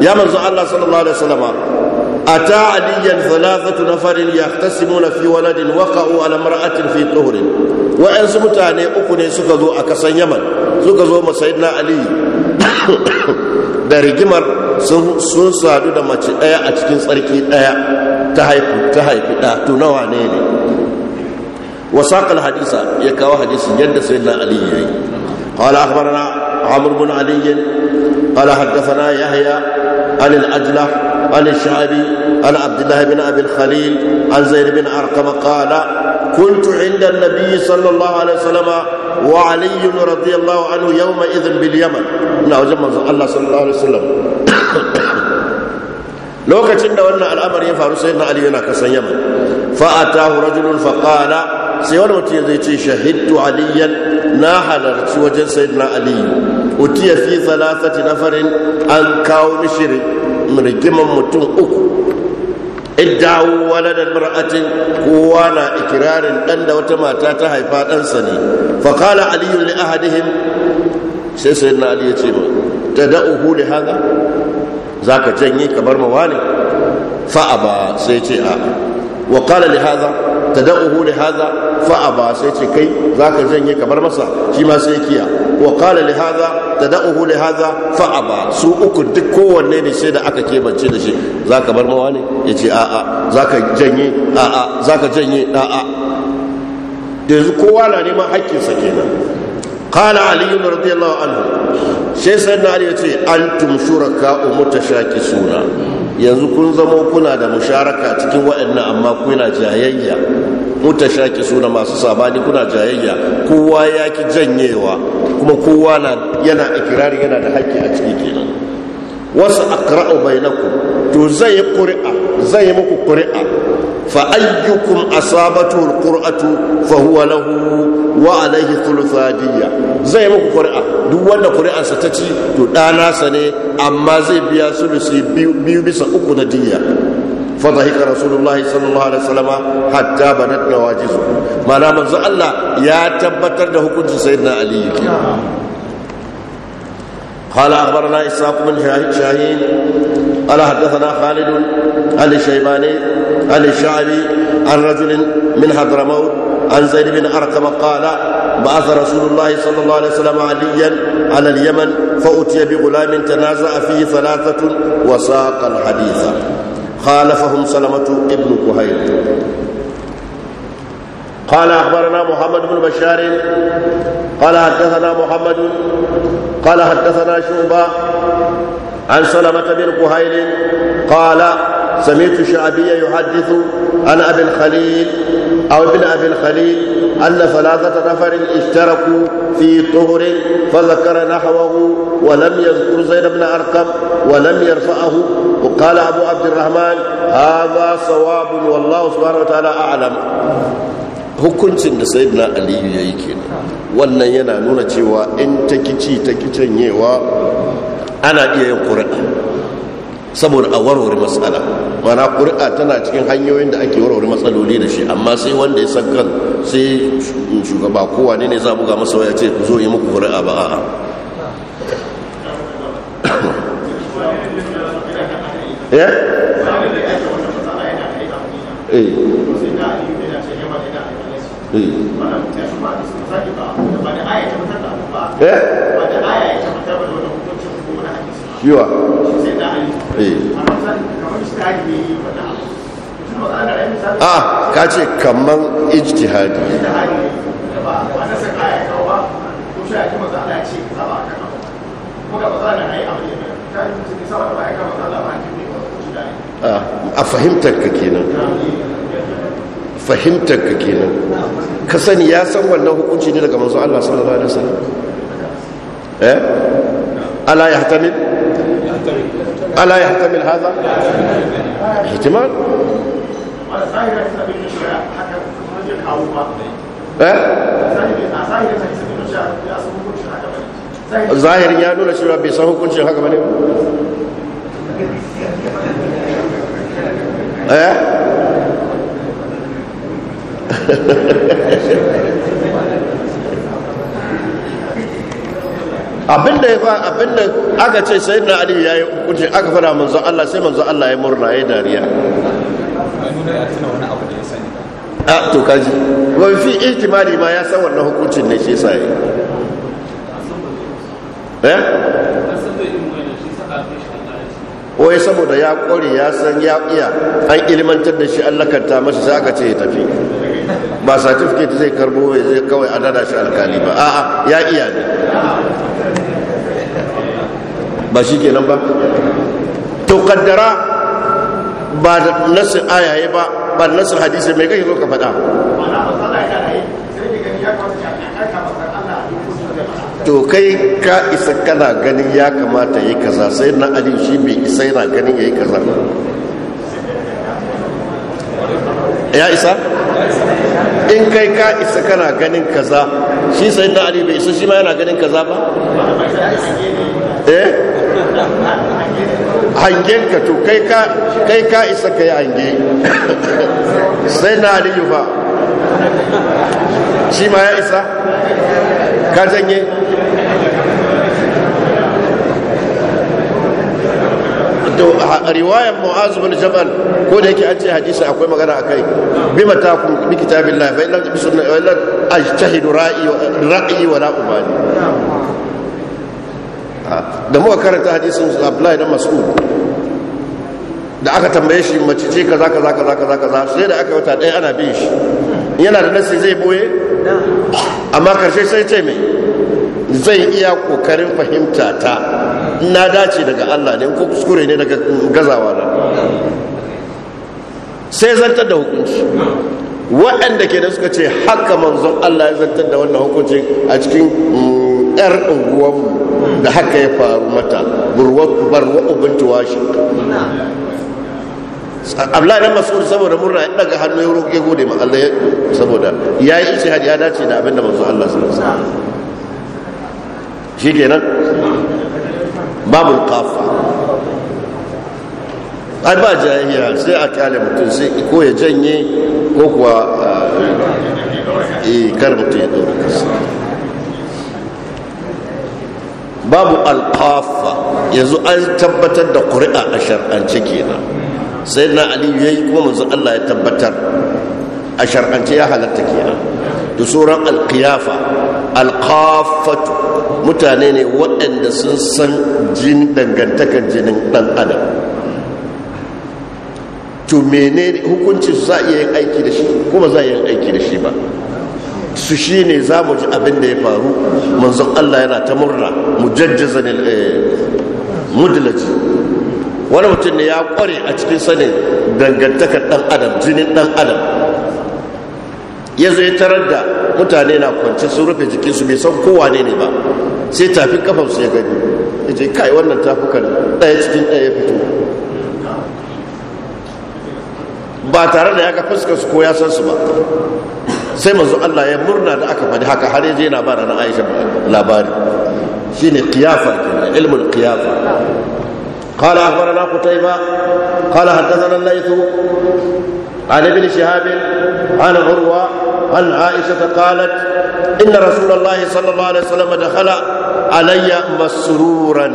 ya manzo Allah sallallahu alaihi wasallam أتى عليا ثلاثة نفر يختصمون fi ولد وقعوا mutane uku ne suka zo a أكوني سكزو suka zo ma مسيدنا Aliyu. da rigimar sun sadu da mace ɗaya a cikin tsarki ɗaya ta haifi ɗa to nawa ne ne وساق الحديث يكاو حديث جد سيدنا علي قال أخبرنا عمرو بن علي قال حدثنا يحيى عن الأجلح عن الشعبي عن عبد الله بن أبي الخليل عن زيد بن أرقم قال كنت عند النبي صلى الله عليه وسلم وعلي رضي الله عنه يومئذ باليمن الله صلى الله عليه وسلم لو da wannan الأمر ya سيدنا علي هناك ali فأتاه رجل فقال sai wani mutum ya zai ce shahidu aliyan na halarci wajen sayyidina aliyu ya fi na farin an kawo mishi rigiman mutum uku iddawo da mar'atin kowa na ikirarin dan da wata mata ta haifa ɗansa ne faƙala aliyu li ahadihim sai sai na aliyu ce ma ta da'uhu li haza za ka janye ka bar mawa ne fa'a ba sai ce a wa ƙala li haza da li hadha fa aba sai ce kai zaka janye kamar masa shi ma sai kiya wa qala li hadha tad'uhu li hadha fa aba su uku duk kowanne ne sai da aka kebance da shi zaka bar mawa ne yace a a zaka janye a a zaka janye a a yanzu kowa na neman haƙƙinsa kenan قال علي رضي الله عنه شيخ سيدنا علي يقول انتم شركاء suna. yanzu kun zamo kuna da musharaka cikin waɗannan amma kuna jayayya shaki suna masu sabani kuna jayayya kowa ya ki janyewa kuma kowa na yana ikirari yana da haƙƙi a ciki kenan wasu akra'u ku to zai yi ƙuri'a zai yi muku ƙuri'a fa ayyukum asabatu alqur'atu fa huwa lahu wa alayhi thuluthadiyya zai muku kuri'a. duk wanda kuri'arsa ta ci to dana sa ne amma zai biya sulusi biyu bisa uku na diyya فضحك رسول الله صلى الله عليه وسلم حتى بنت نواجسه ما لا منزو الله يا تبتر ده كنت سيدنا علي قال أخبرنا إسحاق بن شاهين قال حدثنا خالد عن الشيباني عن الشعبي عن رجل من حضرموت عن زيد بن أرقم قال بعث رسول الله صلى الله عليه وسلم عليا على اليمن فأتي بغلام تنازع فيه ثلاثة وساق الحديث خالفهم سلمة ابن كهيل قال أخبرنا محمد بن بشار قال حدثنا محمد قال حدثنا شعبة عن سلمة بن قهيل قال سمعت الشعبي يحدث عن أبي الخليل أو ابن أبي الخليل أن ثلاثة نفر اشتركوا في طهر فذكر نحوه ولم يذكر زيد بن أرقم ولم يرفعه وقال أبو عبد الرحمن هذا صواب والله سبحانه وتعالى أعلم hukuncin da sai na aliyu ya yi kenan wannan yana nuna cewa in ta kici ta kicanyewa ana iya yin ƙuri'a saboda a warware matsala mana ƙuri'a tana cikin hanyoyin da ake warware matsaloli da shi amma sai wanda ya san sai shugaba kowa ne ne za buga masa waya ce zo yi muku ƙuri'a ba a'a eh, eh. eh. eh. yiwa eh. a ah, ka ce kamar ijtihadi ah, a fahimtar ka kenan fahimtar ka kenan ka sani ya san wannan hukunci ne daga manzo Allah sallallahu alaihi wasallam eh ala yahtamil ألا يحتمل هذا احتمال zahirin ya nuna cewa bai san hukuncin haka bane abinda ya fa abinda aka ce sai na ali ya yi kuce aka fara manzon Allah sai manzon Allah ya murna ya dariya a to kaji wani fi ihtimali ma ya san wannan hukuncin ne shi sai eh wai saboda ya kore ya san ya iya an ilmantar da shi Allah kanta masa sai aka ce ya tafi ba certificate zai karbo zai kawai adada shi alkali ba a'a ya iya ne ba shi kenan ba to kaddara ba da nasin ayaye ba ba da hadisi mai kake zo ka faɗa to kai ka isa kana ganin ya kamata yi kaza sai na ali shi mai isa yana ganin ya yi kaza ya isa in kai ka isa kana ganin kaza shi sai na ali bai isa shi ma yana ganin kaza ba eh hangen ka to kai ka kai ka isa ka yi hange sai na aliyu ba shi ma ya isa ka janye to riwayar mu'az bin jabal ko da yake an ce hadisi akwai magana akai bi mataku bi kitabillah fa illa bi sunnah wa illa ajtahidu ra'i ra'i wa la da muka karanta hadisin abdullahi dan mas'ud da aka tambaye shi mace ce kaza kaza kaza kaza kaza sai da aka wata ɗaya ana bin shi yana da nasi zai boye amma karshe sai ce mai zai iya kokarin fahimta ta na dace daga Allah ne ko kuskure ne daga gazawa na sai zartar da hukunci waɗanda ke da suka ce haka manzon Allah ya zartar da wannan hukunci a cikin mm, yar unguwanmu da haka ya faru mata barwa ubinta washington abdullahi dan mas'ud saboda murna ya daga hannu ya roƙe gode ma Allah saboda ya yi ijtihad ya dace da abinda manzo Allah sallallahu alaihi wasallam shikenan babul qafa ai ba jahiya sai a kale mutum sai ko ya janye ko kuwa eh kar mutum ya dauka babu alƙafa yanzu an tabbatar da ƙuri'a a shar'ance kenan sai na aliyu ya yi kuma manzo allah ya tabbatar a shar'ance ya halatta kenan da sauran alƙiyafa alkafatu mutane ne waɗanda sun san jin dangantakar jinin ɗan adam to mene hukuncin za a iya yin aiki da shi kuma za a iya yin aiki da shi ba su shi ne za mu ji abin da ya faru manzon Allah yana ta murna mu jajjaza ne eh, mudlaji wani mutum ne ya kware a cikin sanin dangantakar dan adam jinin dan adam ya zo ya tarar da mutane na kwance sun rufe jikinsu bai san kowa ne ne ba sai tafi kafansu ya gani ya ce kai wannan tafukan ɗaya cikin daya ya fito ba tare da ya ga su ko ya san su ba sai manzo Allah ya murna da aka faɗi haka har yaje yana ba da Aisha labari shine qiyafa kenan ilmul qiyafa قال اخبرنا قتيبة قال حدثنا الليث عن ابن شهاب عن عروة عن عائشة قالت إن رسول الله صلى الله عليه وسلم دخل علي مسرورا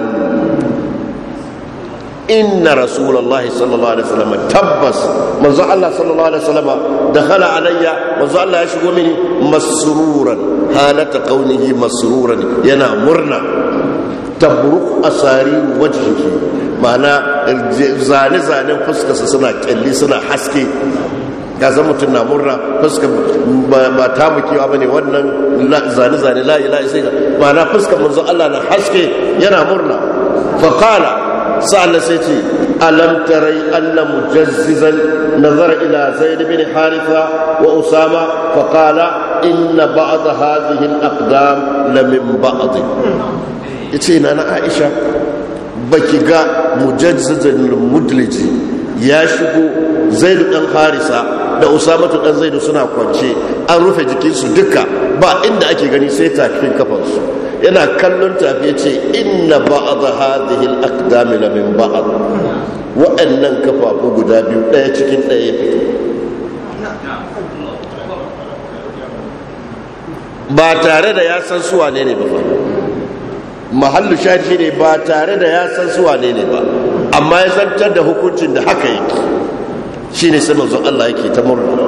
inna rasulullahi sallallahu alaihi wasallam tabbas manzo Allah sallallahu alaihi wasallam dakhala alayya manzo Allah ya shigo mini masruran halata kaunihi masruran yana murna tabruk asari wajhihi ma'ana zane zanen fuskarsa suna kyalli suna haske ya zama mutum na murna fuska ba ta mukewa ba ne wannan zane-zane layi layi sai ba na fuskar manzo Allah na haske yana murna faƙala sa'annan sai ce alam tarai mujazzizan nazara ila zaid bin haritha wa usama fa inna ba'd hazihin aqdam la min ba'd yace na na aisha baki ga mujazzizan mudliji ya shigo zaid dan harisa da usama dan zaid suna kwance an rufe jikinsu duka ba inda ake gani sai takin kafansu yana kallon tafi ya ce inna ba'ad hadhihi al-aqdam na min ba'ad wa'annan kafafu guda biyu daya cikin daya fito ba tare da ya san suwa ne ne ba mahallu shafi ne ba tare da ya san suwa ne ne ba amma ya zantar da hukuncin da haka yake shi ne sai manzon Allah yake ta murna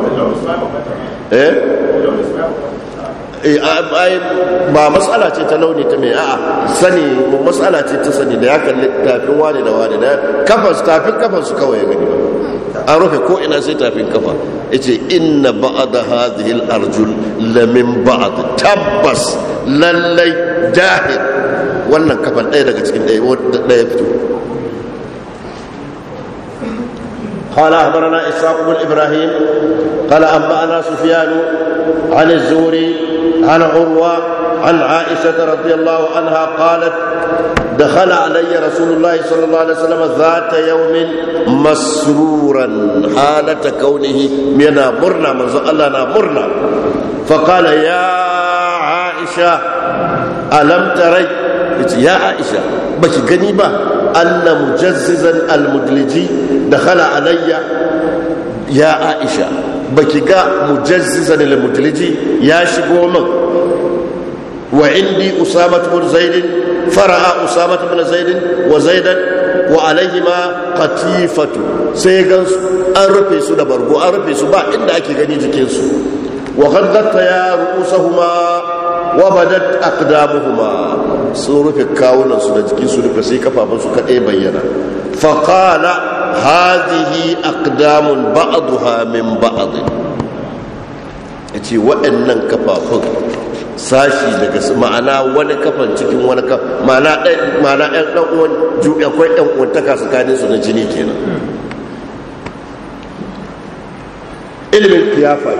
eh Eh, ba matsala ce ta launi ta mai a'a sani ba matsala ce ta sani da ya kalli tafin wani da wani da kafansu tafin kafansu kawai ya gani an rufe ko ina sai tafin kafa ya ce inna ba'ada hadhihi al-arjul lamin ba'ad tabbas lallai jahil wannan kafan ɗaya daga cikin ɗaya wadda ɗaya fito قال أخبرنا إسحاق بن إبراهيم قال أنبأنا سفيان عن الزهري عن عروة عن عائشة رضي الله عنها قالت دخل علي رسول الله صلى الله عليه وسلم ذات يوم مسرورا حالة كونه منا مرنا من الله مرنا فقال يا عائشة ألم تري يا عائشة بك غنيبة أن مجززا المدلجي دخل علي يا عائشة baki ga mujazzisa da lamutuliji ya shigo min wa indi usama bin zaidin fara'a usama bin zaidin wa zaidan wa ma qatifatu sai gansu an rufe su da bargo an rufe su ba inda ake gani jikinsu. su wa qad ghatta ya ru'usahuma wa badat aqdamuhuma sun rufe kawunan da jikin su duka sai kafafun su kadai bayyana fa qala hadhihi aqdamun ba'daha min ba'd yace waɗannan kafafun sashi daga ma'ana wani kafan cikin wani kaf ma'ana ɗan ma'ana ɗan dan uwan akwai ɗan uwan ta tsakanin su na jini kenan ilimin kiyafa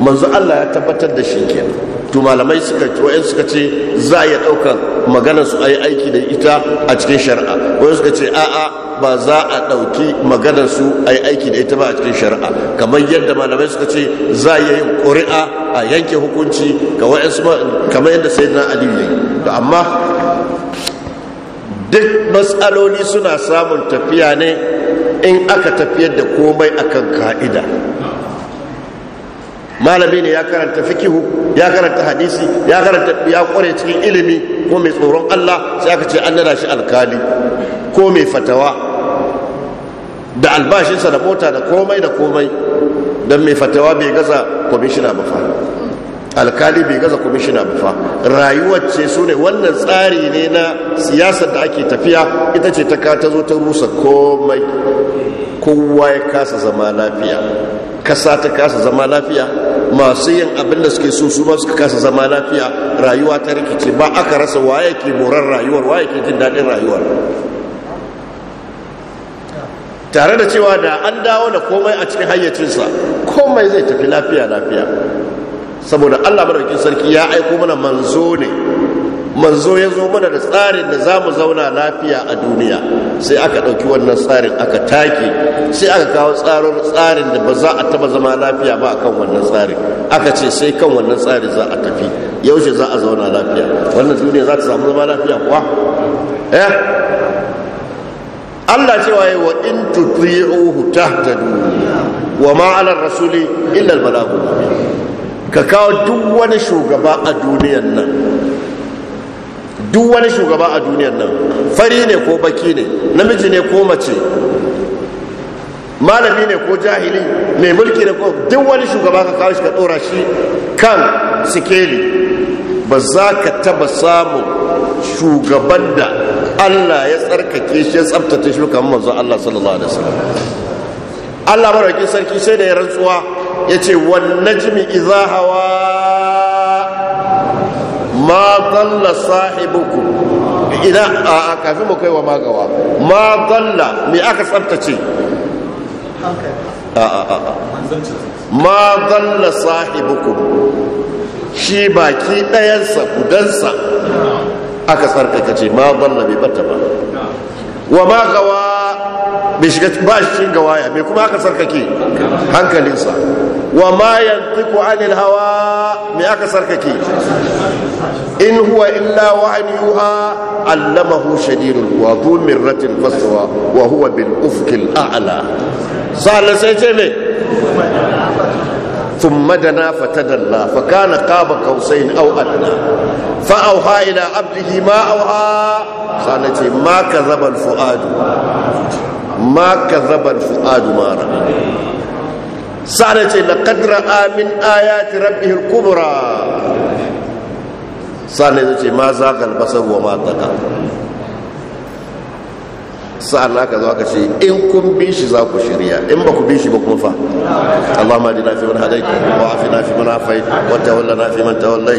manzo Allah ya tabbatar da shi kenan to malamai suka wa'in suka ce za a iya ɗaukar maganar su a yi aiki da ita a cikin shari'a wa'in suka ce a'a ba za a ɗauki maganar su a yi aiki da ita ba a cikin shari'a kamar yadda malamai suka ce za a yi ƙuri'a a yanke hukunci ga wa'yansu kamar yadda sai na aliyu ya to amma duk matsaloli suna samun tafiya ne in aka tafiyar da komai akan ka'ida malami ne ya karanta fikihu ya karanta hadisi ya karanta ya kware cikin ilimi ko mai tsoron Allah sai aka ce an nana shi alkali ko mai fatawa da albashinsa da mota da komai da komai don mai fatawa bai gaza kwamishina ba fa alkali bai gaza kwamishina ba fa rayuwar ce su ne wannan tsari ne na siyasar da ake tafiya ita ce ta kata zo ta rusa komai kowa ya kasa zama lafiya kasa ta kasa zama lafiya masu yin abin da suke so su ba suka kasa zama lafiya rayuwa ta rikice ba aka rasa waye ke morar rayuwar waye ke jin daɗin rayuwar tare da cewa da an dawo da komai a cikin hayyacinsa komai zai tafi lafiya lafiya saboda allah madaukin sarki ya aiko mana manzo ne manzo ya zo mana da tsarin da za mu zauna lafiya a duniya sai aka ɗauki wannan tsarin aka take sai aka kawo tsarin da ba za a taba zama lafiya ba a kan wannan tsarin aka ce sai kan wannan tsarin za a tafi yaushe za a zauna lafiya wannan duniya za ta samu zama lafiya kuwa eh Allah cewa yi wa in ta tadu wa ma'alar rasuli illa al-balagu ka kawo duk wani shugaba a duniyar nan duk wani shugaba a duniyar nan fari ne ko baki ne namiji ne ko mace malami ne ko jahili mai mulki ne ko duk wani shugaba ka kawo shi ka tsora shi kan sikeli ba za ka taba samun shugaban da Allah ya tsarkake shi ya tsabtace shi kamar manzo Allah sallallahu alaihi wasallam Allah madaukakin sarki sai da ya rantsuwa ya ce wan najmi idha hawa ma dalla sahibukum idan a kafin mu kai wa magawa ma dalla me aka tsabtace ma dalla sahibukum shi baki ɗayansa gudansa. haka tsarkaka ce ma balla bai bata ba wa ma gawa bai shiga ba shi gawaya bai kuma haka tsarkake hankalinsa wa ma yantiku anil hawa mai aka tsarkake in huwa illa wa an yuha allamahu shadidul quwa dhu mirratin wa huwa bil ufqil a'la sai ce ne. ثم دنا فتدلى فكان قاب قوسين او ادنى فاوحى الى عبده ما اوحى قالت ما كذب الفؤاد ما كذب الفؤاد ما راى سالت لقد راى من ايات ربه الكبرى سالت ما زاغ البصر وما طغى sa'an aka zo aka ce in kun bi shi za ku shirya in ba ku bi shi ba kuma fa Allahumma adina fi man haɗai wa afina fi mana fai wata tawallana fi manta wallai